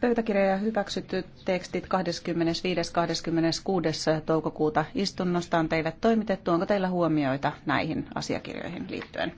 Pöytäkirja hyväksytty tekstit 25.–26. toukokuuta istunnostaan teille toimitettu. Onko teillä huomioita näihin asiakirjoihin liittyen?